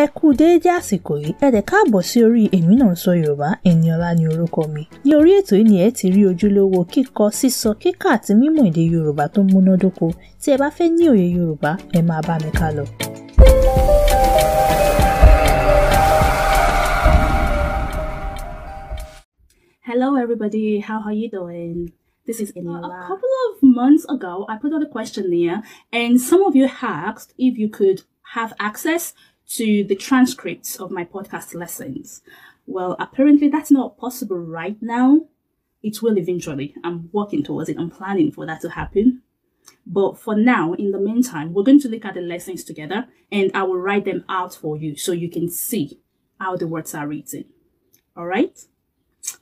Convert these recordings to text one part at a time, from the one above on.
ẹ kú déédé àsìkò yìí ẹ dẹ̀ káàbọ̀ sí orí èmi náà ń sọ yorùbá Ẹniọlá ni orúkọ mi ní orí ètò yìí ni ẹ ti rí ojúlówó kíkọ sísọ kíkà àti mímọ̀ èdè yorùbá tó múnádóko tí ẹ bá fẹ́ ní òye yorùbá ẹ máa bá mi ká lọ. Hello everybody, how are you doing? This is Eniola. a couple of months ago, I put out a question there, and some of you asked if you could have access to the transcripts of my podcast lessons. Well, apparently that's not possible right now. It will eventually. I'm working towards it. I'm planning for that to happen. But for now, in the meantime, we're going to look at the lessons together and I will write them out for you so you can see how the words are written. All right?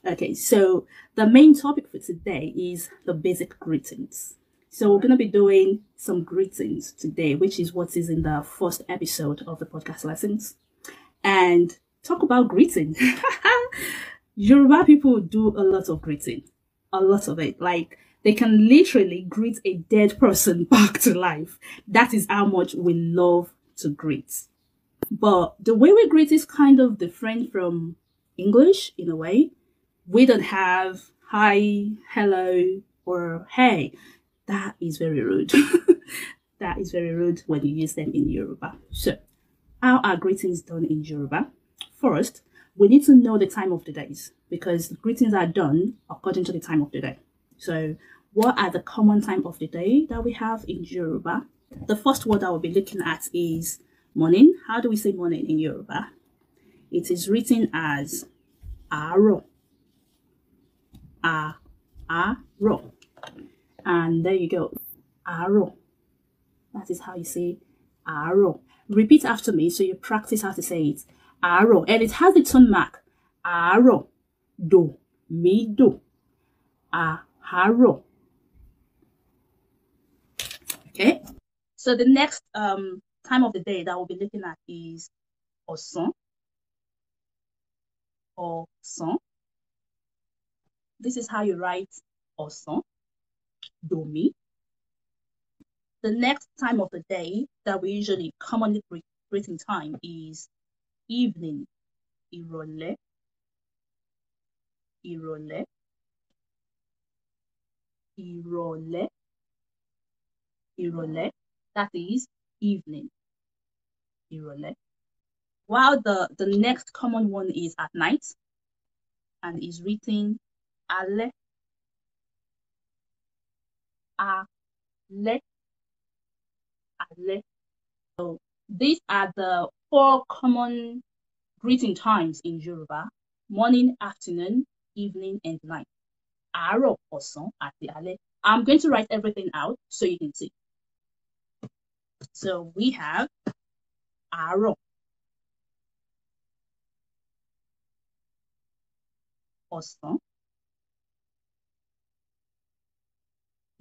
Okay, so the main topic for today is the basic greetings. So we're going to be doing some greetings today, which is what is in the first episode of the podcast lessons, and talk about greeting. Yoruba people do a lot of greeting, a lot of it. Like they can literally greet a dead person back to life. That is how much we love to greet. But the way we greet is kind of different from English in a way. We don't have hi, hello, or hey. That is very rude. that is very rude when you use them in Yoruba. So, how are greetings done in Yoruba? First, we need to know the time of the days because greetings are done according to the time of the day. So, what are the common time of the day that we have in Yoruba? The first word I will be looking at is morning. How do we say morning in Yoruba? It is written as aro. A, a, ro and there you go arrow ah, that is how you say arrow ah, repeat after me so you practice how to say it arrow ah, and it has its own mark arrow do me do arrow okay so the next um time of the day that we'll be looking at is osan osan this is how you write osan Domi. The next time of the day that we usually commonly greet in time is evening, Irole. Irole. Irole. Irole. That is evening. Irole. While the, the next common one is at night and is written Ale are let are let These are the four common greeting times in Yoruba morning, afternoon, evening, and night. Aro, osan, ati ale. I'm going to write everything out so you can see. So we have aro, oson.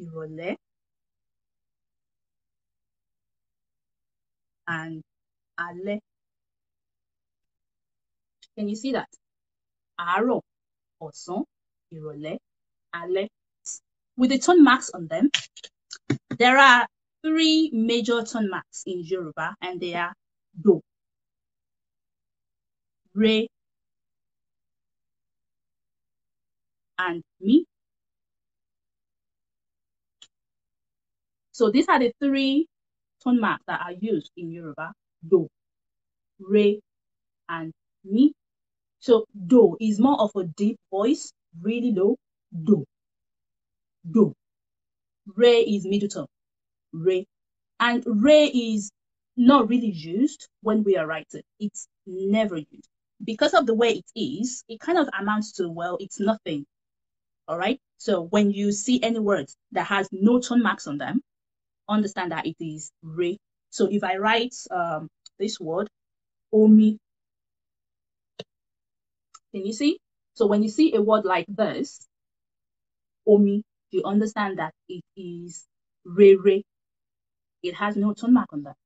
Irole, and Ale. Can you see that? Aro, Oson, Irole, Ale. With the tone marks on them, there are three major tone marks in Yoruba, and they are Do, Re, and Mi. So these are the three tone marks that are used in Yoruba. Do, re, and mi. So do is more of a deep voice, really low. Do, do. Re is middle tone. Re. And re is not really used when we are writing. It's never used. Because of the way it is, it kind of amounts to, well, it's nothing. All right. So when you see any words that has no tone marks on them, understand that it is re. So if I write um, this word, omi, can you see? So when you see a word like this, omi, you understand that it is re re. It has no tone mark on that.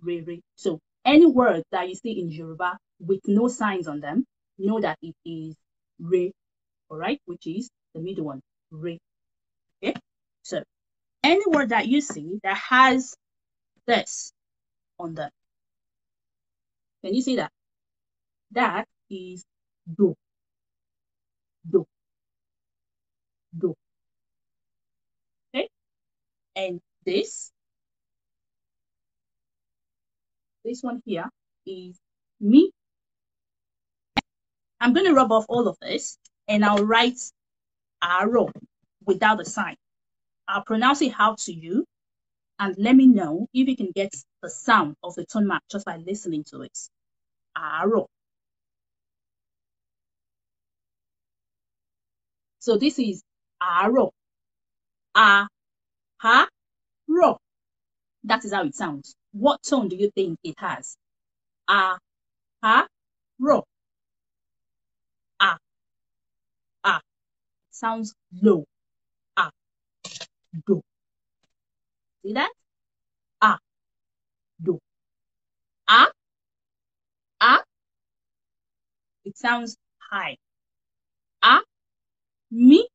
Re re. So any word that you see in Yoruba with no signs on them, know that it is re, all right, which is the middle one, re. Okay, so any word that you see that has this on them. Can you see that? That is do. Do. Do. Okay? And this, this one here is me. I'm going to rub off all of this and I'll write arrow without the sign. I'll pronounce it out to you and let me know if you can get the sound of the tone mark just by listening to it. Aro. So this is aro. A ha ro. That is how it sounds. What tone do you think it has? A ha ro. A. Ah. A. Ah. sounds low do. See that? A, do. A, a. It sounds high. A, me,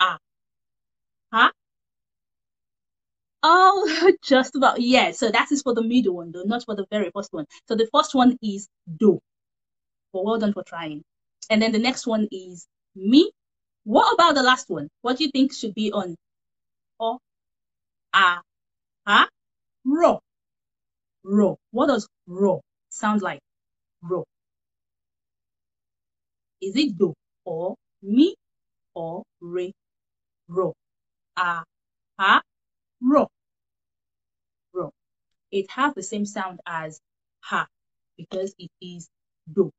a, ha. Oh, just about. Yeah, so that is for the middle one, though, not for the very first one. So the first one is do. Well, well done for trying. And then the next one is me. What about the last one? What do you think should be on or ah, ah, ro, ro. What does ro sound like? Ro. Is it do or me or re? Ro, ah, ah, ro, ro. It has the same sound as ha because it is do,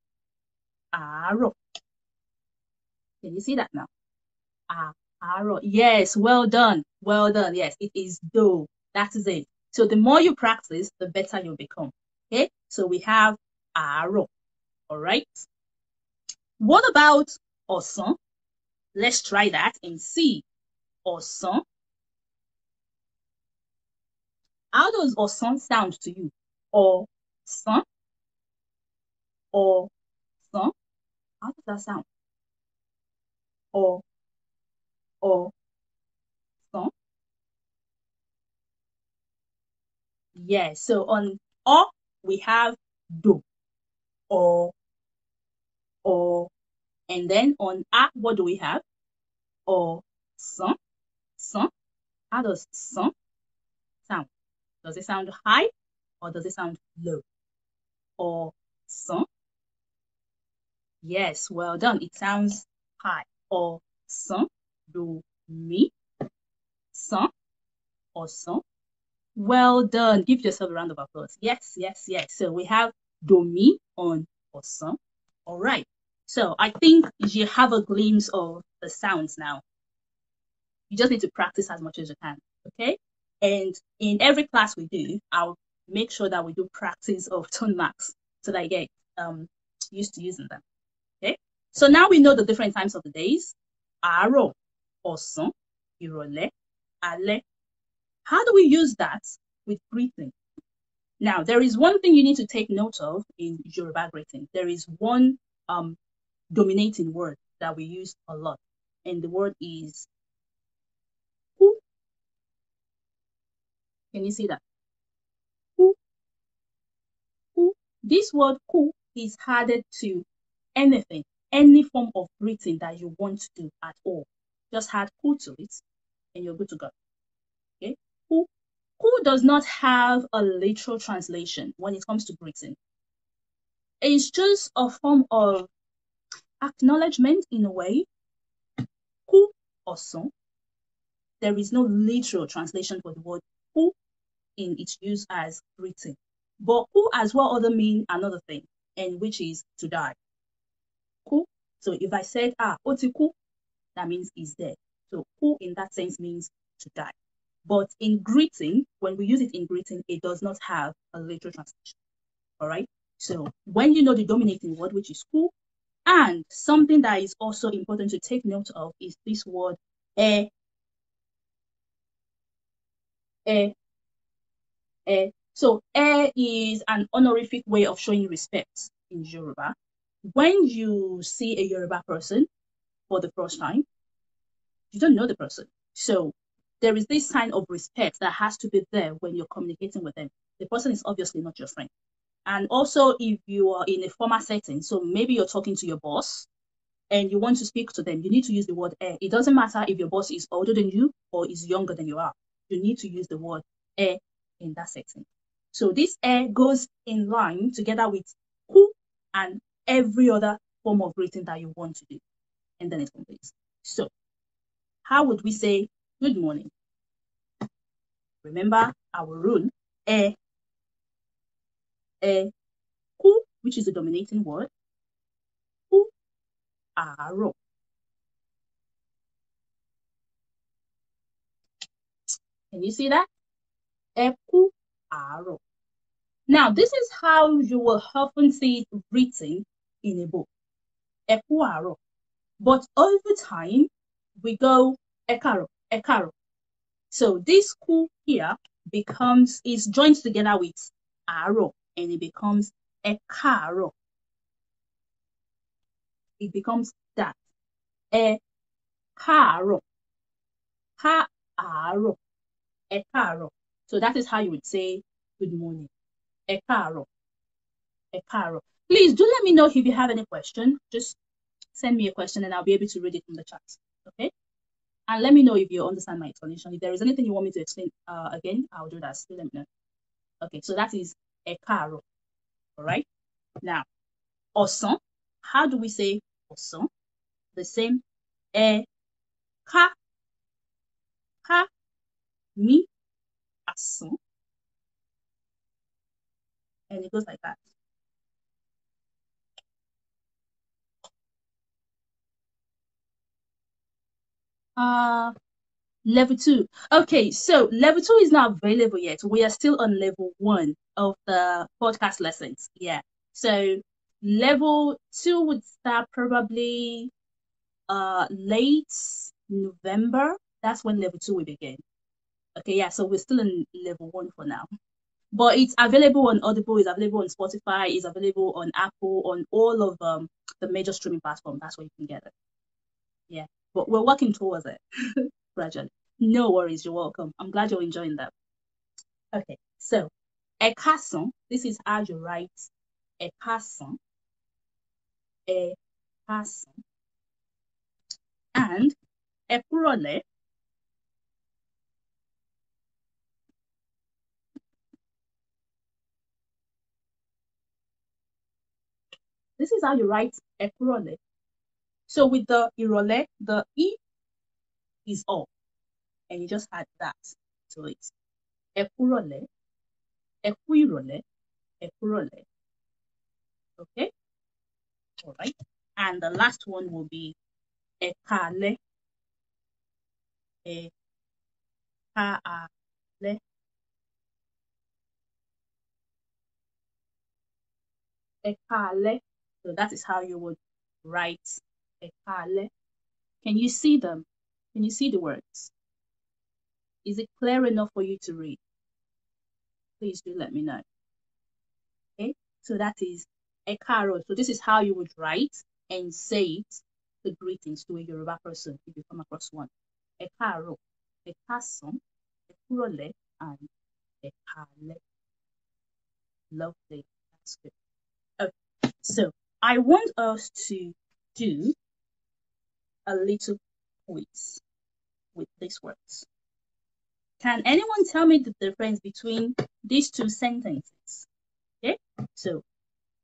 ah, ro. Can you see that now? Ah, ro. Yes, well done. Well done. Yes, it is do. That is it. So the more you practice, the better you'll become. Okay, so we have arrow. All right. What about osan? Let's try that and see. Osan. How does osan sound to you? Or son? Or son? How does that sound? Or or Yes. So on O we have do or or and then on a what do we have? Or son son. How does son sound? Does it sound high or does it sound low? Or son. Yes, well done. It sounds high. Or son do me, son or son well done. Give yourself a round of applause. Yes, yes, yes. So we have Domi on Awesome. All right. So I think you have a glimpse of the sounds now. You just need to practice as much as you can. Okay. And in every class we do, I'll make sure that we do practice of tone marks so that I get um, used to using them. Okay. So now we know the different times of the days. Aro, osan, irole, ale, how do we use that with greeting? Now, there is one thing you need to take note of in Yoruba greeting. There is one um, dominating word that we use a lot, and the word is who. Can you see that? Who. Who. This word who is added to anything, any form of greeting that you want to do at all. Just add who to it, and you're good to go who does not have a literal translation when it comes to greeting. It's just a form of acknowledgement in a way. Who also. There is no literal translation for the word who in its use as greeting. But who as well other mean another thing, and which is to die. Who? So if I said ah otiku, that means is dead. So who in that sense means to die. But in greeting, when we use it in greeting, it does not have a literal translation. All right. So when you know the dominating word, which is cool, and something that is also important to take note of is this word eh, eh, eh. So eh is an honorific way of showing respect in Yoruba. When you see a Yoruba person for the first time, you don't know the person. So there is this sign of respect that has to be there when you're communicating with them. The person is obviously not your friend. And also, if you are in a formal setting, so maybe you're talking to your boss and you want to speak to them, you need to use the word eh. It doesn't matter if your boss is older than you or is younger than you are. You need to use the word eh in that setting. So this eh goes in line together with who and every other form of greeting that you want to do. And then it completes. So how would we say Good morning. Remember our rule, e, e, ku, which is the dominating word, ku, aro. Can you see that? KU aro. Now, this is how you will often see it written in a book. Eku aro. But over time, we go ekaro a caro. So this ku here becomes, is joined together with aro, and it becomes a caro. It becomes that. A caro. Caro. A caro. So that is how you would say good morning. A caro. A caro. Please do let me know if you have any question. Just send me a question and I'll be able to read it in the chat. Okay? And let me know if you understand my explanation. If there is anything you want me to explain uh, again, I'll do that. let me know. Okay, so that is a caro. All right. Now, osan. How do we say osan? The same. E ka ka mi asan. And it goes like that. uh level two okay so level two is not available yet we are still on level one of the podcast lessons yeah so level two would start probably uh late november that's when level two will begin okay yeah so we're still in level one for now but it's available on audible it's available on spotify it's available on apple on all of um the major streaming platform that's where you can get it yeah but we're working towards it gradually. No worries, you're welcome. I'm glad you're enjoying that. Okay, so a person, this is how you write a person, a person, and a plurale. This is how you write a plurale. So with the irole, the e is off, and you just add that to it. Ekurole, equirole, ekurole. Okay, all right. And the last one will be ekale, ekale. Ekale. So that is how you would write can you see them? Can you see the words? Is it clear enough for you to read? Please do let me know. Okay, so that is caro. So this is how you would write and say it, the greetings to a Yoruba person if you come across one. Ekaro, a ekurole, and ekale. Lovely. That's good. Okay, so I want us to do a little quiz with these words. Can anyone tell me the difference between these two sentences? Okay, so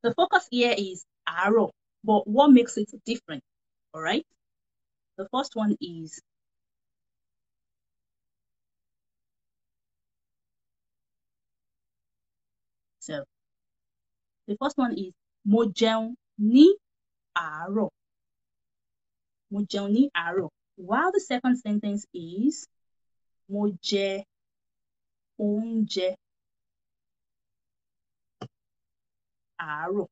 the focus here is arrow, but what makes it different? All right, the first one is so the first one is mo ni arrow mo aro. while the second sentence is mo jẹ aro.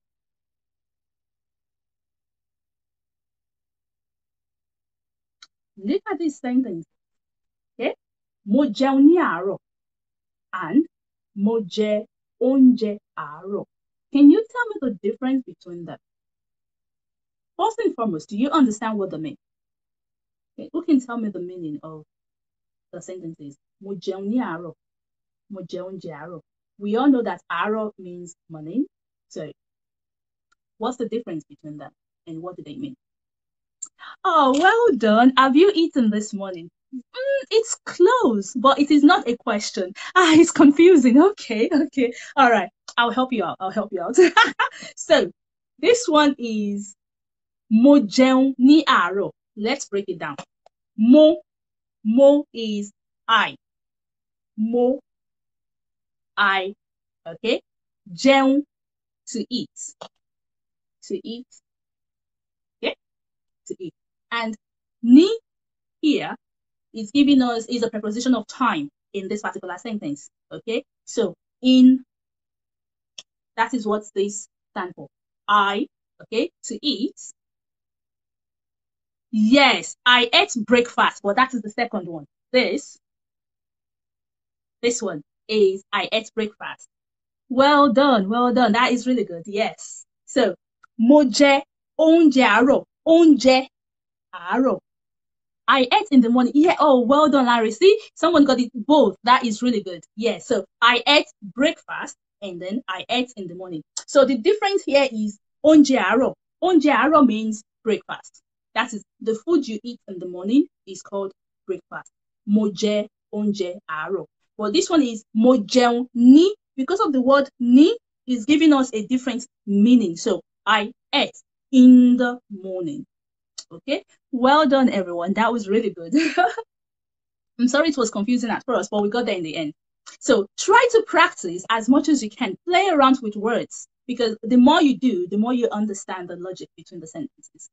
Look at this sentence. Okay? Mo aro and mo jẹ aro. Can you tell me the difference between them? First and foremost, do you understand what they mean? Okay, who can tell me the meaning of the sentences? We all know that arrow means money. So, what's the difference between them and what do they mean? Oh, well done. Have you eaten this morning? Mm, it's close, but it is not a question. Ah, it's confusing. Okay, okay. All right. I'll help you out. I'll help you out. so, this one is Mo jẹun aro. àárọ̀. Let's break it down. Mo, mo is I. Mo, I, okay? Jẹun, to eat. To eat, okay? To eat. And ni here is giving us, is a preposition of time in this particular sentence, okay? So, in, that is what this stands for. I, okay, to eat, Yes, I ate breakfast, but that is the second one. This, this one is I ate breakfast. Well done, well done. That is really good. Yes. So, moje jẹ aro àárọ̀, aro. I ate in the morning. Yeah. Oh, well done, Larry. See, someone got it both. That is really good. Yeah. So I ate breakfast and then I ate in the morning. So the difference here is aro. àárọ̀. aro means breakfast. That is, the food you eat in the morning is called breakfast. Mo jẹ aro. But this one is mo ní because of the word ní is giving us a different meaning. So I ate in the morning. Okay, well done, everyone. That was really good. I'm sorry it was confusing at first, but we got there in the end. So try to practice as much as you can. Play around with words because the more you do, the more you understand the logic between the sentences.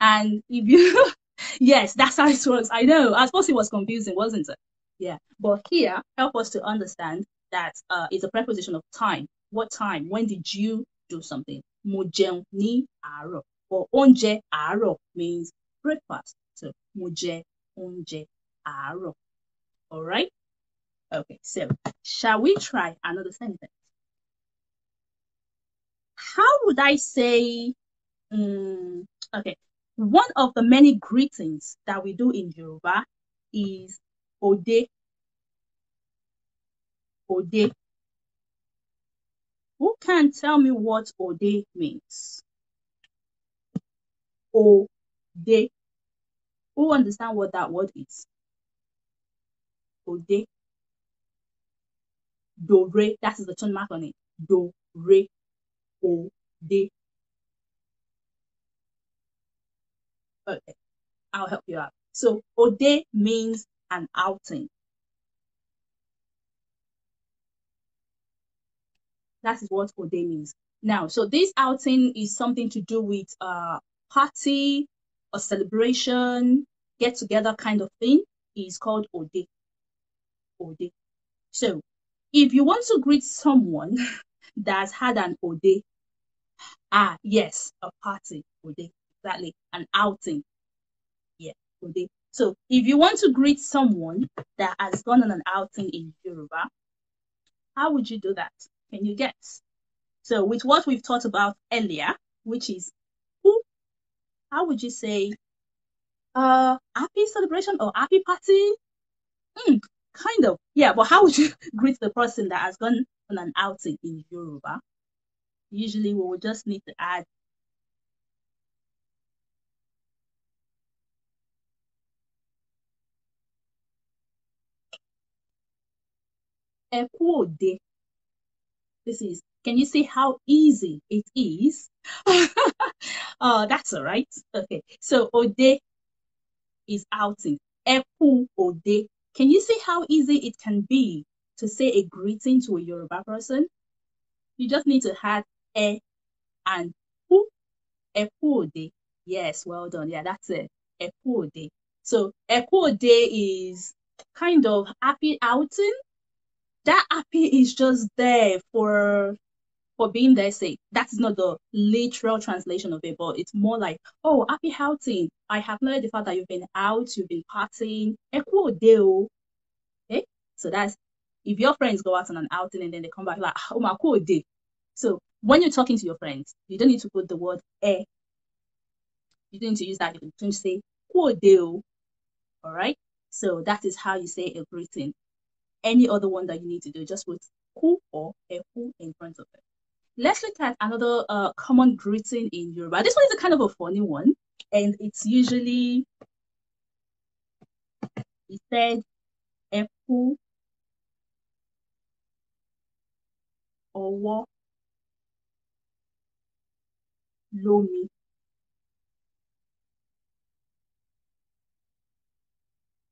And if you, yes, that's how it works. I know. I suppose it was confusing, wasn't it? Yeah. But here, help us to understand that uh, it's a preposition of time. What time? When did you do something? Mo ní aro Or onje aro means breakfast. So muje onje aro. All right. Okay. So shall we try another sentence? How would I say? Um, okay. One of the many greetings that we do in Yoruba is Ode. Ode. Who can tell me what Ode means? Ode. Who understand what that word is? Ode. Do re. That is the tone mark on it. Do re. Ode. Okay, I'll help you out. So ode means an outing. That is what ode means. Now, so this outing is something to do with a uh, party, a celebration, get together kind of thing. Is called ode. Ode. So, if you want to greet someone that's had an ode, ah yes, a party ode. Exactly. An outing. Yeah. So if you want to greet someone that has gone on an outing in Yoruba, how would you do that? Can you guess? So with what we've talked about earlier, which is who, how would you say uh happy celebration or happy party? Mm, kind of. Yeah, but how would you greet the person that has gone on an outing in Yoruba? Usually we will just need to add day. This is, can you see how easy it is? uh, that's all right. Okay, so ode is outing. Eku ode. Can you see how easy it can be to say a greeting to a Yoruba person? You just need to add e and pu. Eku ode. Yes, well done. Yeah, that's it. Eku ode. So eku ode is kind of happy outing that happy is just there for for being there sake. That's not the literal translation of it, but it's more like, oh, happy outing. I have noted the fact that you've been out, you've been partying. Okay? Eh? So that's if your friends go out on an outing and then they come back like, oh my cool day. So when you're talking to your friends, you don't need to put the word eh. You don't need to use that. You can just say cool deal. All right. So that is how you say a greeting any other one that you need to do. Just put who or a who in front of it. Let's look at another uh, common greeting in Yoruba. This one is a kind of a funny one, and it's usually it said eku owo lomi.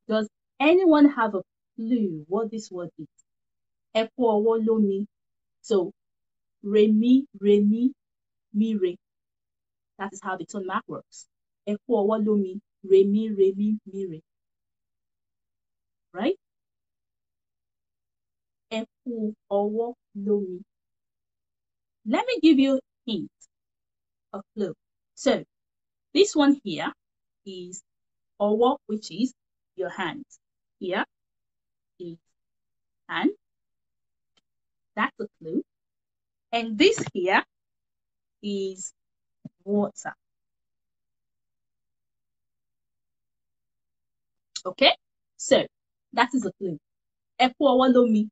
Does anyone have a clue what this word is. Ẹ So, remi remi re mi, re. That is how the tone mark works. Ẹ kó remi, remi re mi, re Right? Ẹ kó Let me give you a hint, a clue. So, this one here is ọwọ́, which is your hand. Here, hand. That's a clue. And this here is water. Okay, so that is a clue. Epo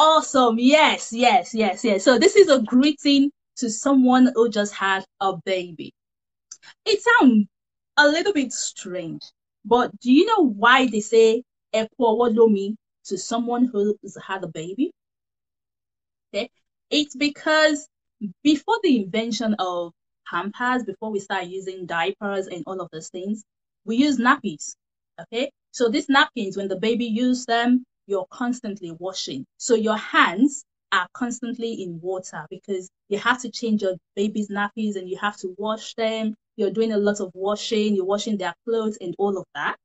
Awesome. Yes, yes, yes, yes. So this is a greeting to someone who just had a baby. It sounds a little bit strange, but do you know why they say epowolomi to someone who's had a baby. Okay, it's because before the invention of pampers, before we start using diapers and all of those things, we use nappies. Okay, so these napkins, when the baby uses them, you're constantly washing. So your hands are constantly in water because you have to change your baby's nappies and you have to wash them. You're doing a lot of washing, you're washing their clothes and all of that.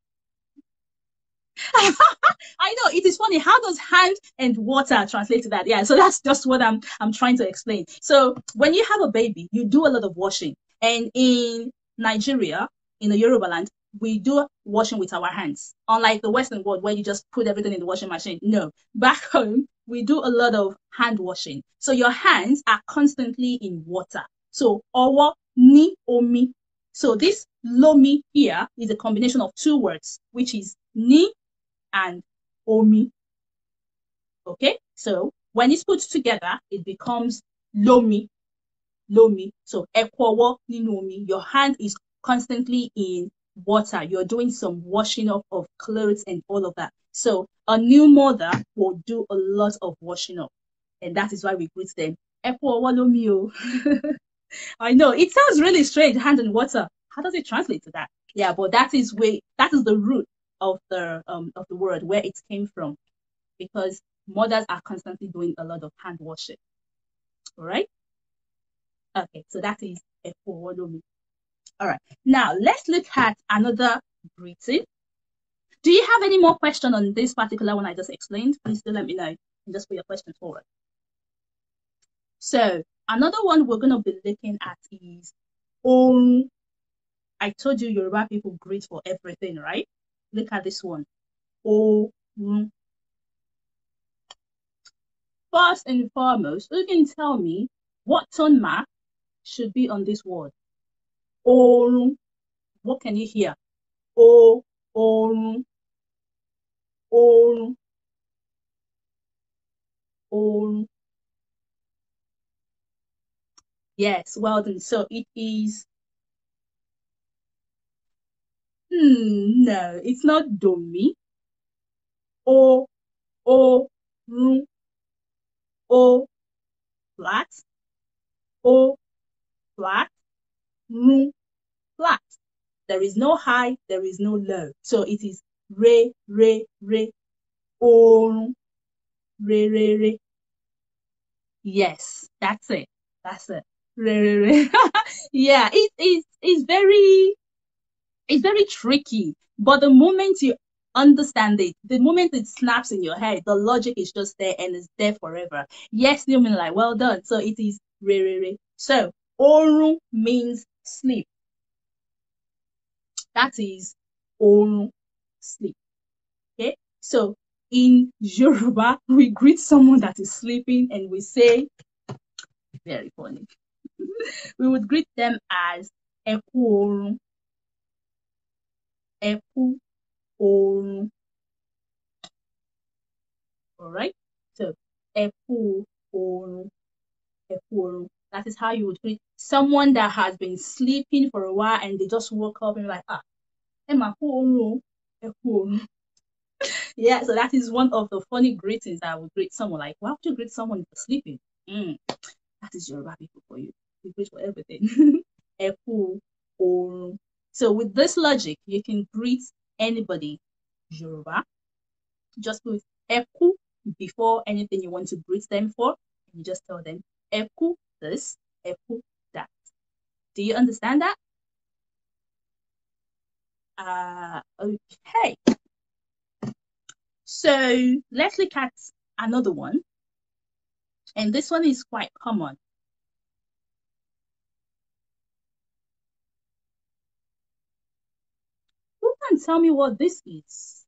I know it is funny. How does hand and water translate to that? Yeah, so that's just what I'm I'm trying to explain. So when you have a baby, you do a lot of washing, and in Nigeria, in the Yoruba land, we do washing with our hands. Unlike the Western world where you just put everything in the washing machine. No, back home we do a lot of hand washing. So your hands are constantly in water. So our ni omi. So this lomi here is a combination of two words, which is ni and omi. Okay, so when it's put together, it becomes lomi, lomi. So ekwawo ninomi. Your hand is constantly in water. You're doing some washing up of clothes and all of that. So a new mother will do a lot of washing up, and that is why we greet them ekwowo lomi I know it sounds really strange, hand in water. How does it translate to that? Yeah, but that is way that is the root of the um, of the world where it came from, because mothers are constantly doing a lot of hand washing. All right. Okay, so that is a All right. Now let's look at another greeting. Do you have any more question on this particular one I just explained? Please do let me know and just put your question forward. So another one we're going to be looking at is own. Um, I told you Yoruba people greet for everything, right? Look at this one. Orun. Oh, mm. First and foremost, who can tell me what tone mark should be on this word? Orun. What can you hear? O, orun, oh orun. Yes, well done. So it is Hmm, no, it's not domi. O, o, room o, flat, o, flat, room flat. There is no high, there is no low. So it is re, re, re, O re, re, re. Yes, that's it. That's it. Re, re, re. yeah, it, it, it's very it's very tricky. But the moment you understand it, the moment it snaps in your head, the logic is just there and it's there forever. Yes, you mean like well done. So it is re re re. So oru means sleep. That is oru sleep. Okay. So in Yoruba, we greet someone that is sleeping and we say, very funny. we would greet them as Eku ẹkún on, Alright? So, ẹkú oorun. That is how you would treat someone that has been sleeping for a while and they just woke up and like, ah, ẹ mà kú oorun Yeah, so that is one of the funny greetings I would greet someone. Like, why would you greet someone sleeping? Mm, that is your rabbit for you. You greet for everything. ẹkú oorun. So with this logic, you can greet anybody Yoruba. Just put Eku before anything you want to greet them for. and you just tell them Eku this, Eku that. Do you understand that? Uh, okay. So let's look at another one. And this one is quite common. can tell me what this is?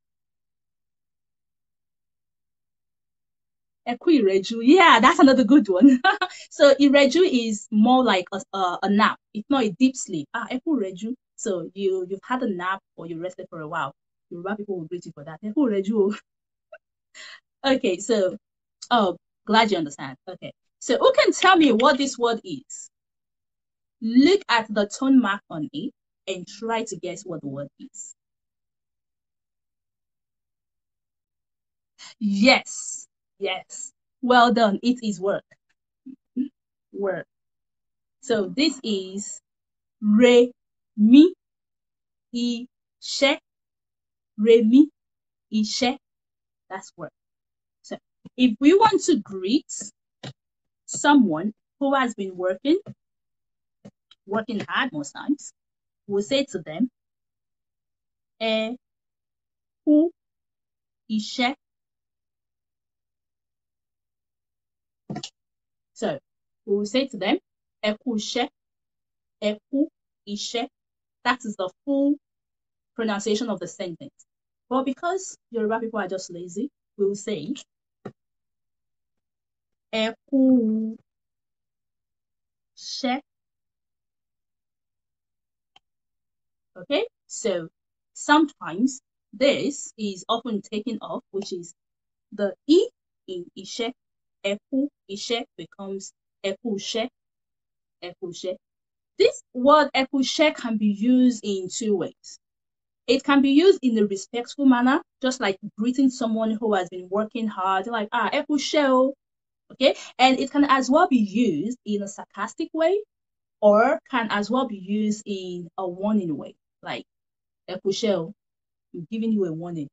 Equi Yeah, that's another good one. so Ireju is more like a, a, a, nap. It's not a deep sleep. Ah, Equi So you, you've had a nap or you rested for a while. Yoruba people will greet you for that. Equi oh. okay, so, oh, glad you understand. Okay. So who can tell me what this word is? Look at the tone mark on it and try to guess what the word is. Yes. Yes. Well done. It is work. Work. So this is re mi ishe. Re mi ishe. That's work. So if we want to greet someone who has been working, working hard most times, we'll say to them, "eh ku ishe So we will say to them, Eku she, Eku ishe. That is the full pronunciation of the sentence. But because Yoruba people are just lazy, we will say Eku she. Okay, so sometimes this is often taken off, which is the E in Ishe Ekushek becomes Ekushek. Ekushek. This word Ekushek can be used in two ways. It can be used in a respectful manner, just like greeting someone who has been working hard, like, ah, Ekushek. Okay. And it can as well be used in a sarcastic way or can as well be used in a warning way, like, Ekushek, I'm giving you a warning.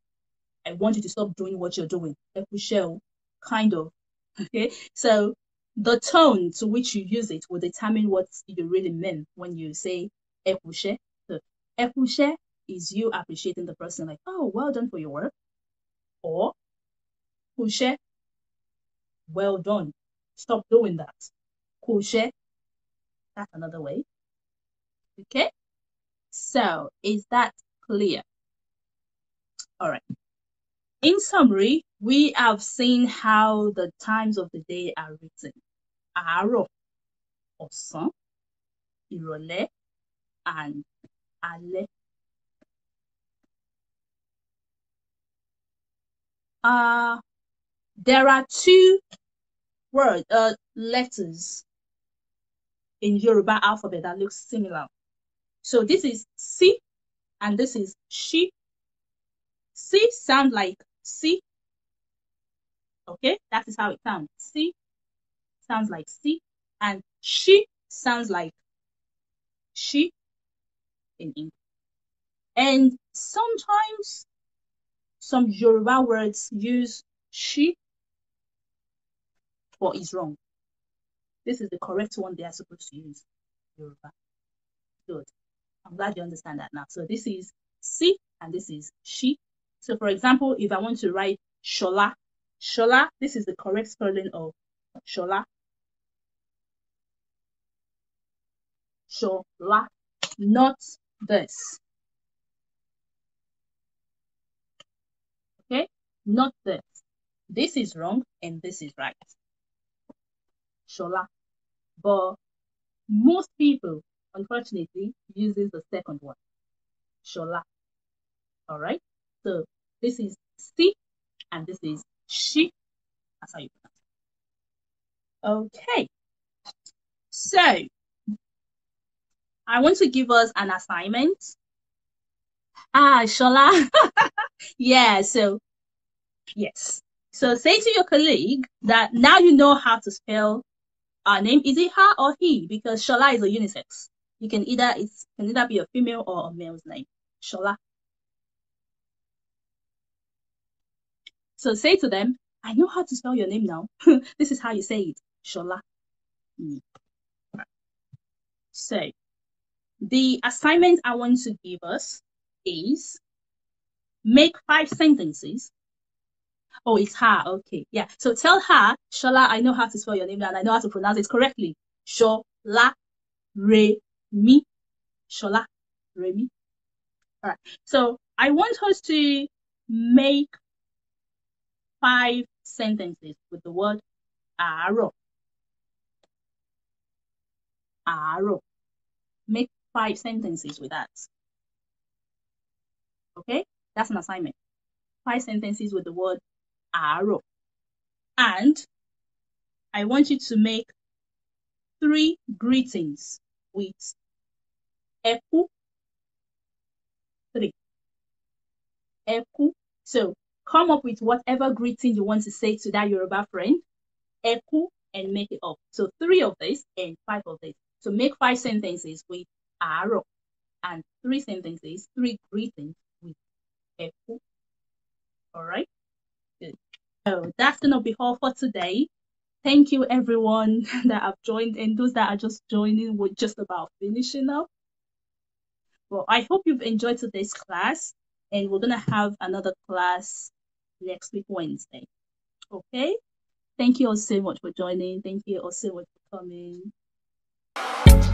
I want you to stop doing what you're doing. Ekushek, kind of Okay, so the tone to which you use it will determine what you really mean when you say écouché. So is you appreciating the person, like, oh, well done for your work, or couché, well done, stop doing that. Couché, that's another way. Okay, so is that clear? All right. In summary, we have seen how the times of the day are written. Àárọ̀, ọ̀sán, ìrọ̀lẹ́, and alẹ́. Uh, there are two word uh, letters in Yoruba alphabet that looks similar. So this is C and this is she. C sound like C Okay, that is how it sounds. C sounds like C, and she sounds like she in English. And sometimes some Yoruba words use she, but it's wrong. This is the correct one they are supposed to use. Yoruba. Good. I'm glad you understand that now. So this is see, and this is she. So for example, if I want to write Shola Shola, this is the correct spelling of Shola. Shola, not this. Okay, not this. This is wrong and this is right. Shola. But most people, unfortunately, uses the second one. Shola. All right. So this is C and this is she. That's how you pronounce it. Okay. So, I want to give us an assignment. Ah, Shola. yeah, so, yes. So, say to your colleague that now you know how to spell our name. Is it her or he? Because Shola is a unisex. You can either, it can either be a female or a male's name. Shola. So say to them, I know how to spell your name now. this is how you say it, Shola. Mm. So the assignment I want to give us is make five sentences. Oh, it's her. Okay. Yeah. So tell her, Shola, I know how to spell your name and I know how to pronounce it correctly. Shola Re Mi. Shola Re All right. So I want us to make five sentences with the word arrow. Arrow. Make five sentences with that. Okay, that's an assignment. Five sentences with the word arrow. And I want you to make three greetings with eku. Three. Eku. So Come up with whatever greeting you want to say to that Yoruba friend, echo and make it up. So three of this and five of this So make five sentences with arrow and three sentences, three greetings with echo. All right? Good. So that's going to be all for today. Thank you, everyone that have joined, and those that are just joining, we're just about finishing up. Well, I hope you've enjoyed today's class, and we're going to have another class next week, Wednesday. Okay? Thank you all so much for joining. Thank you all so much for coming.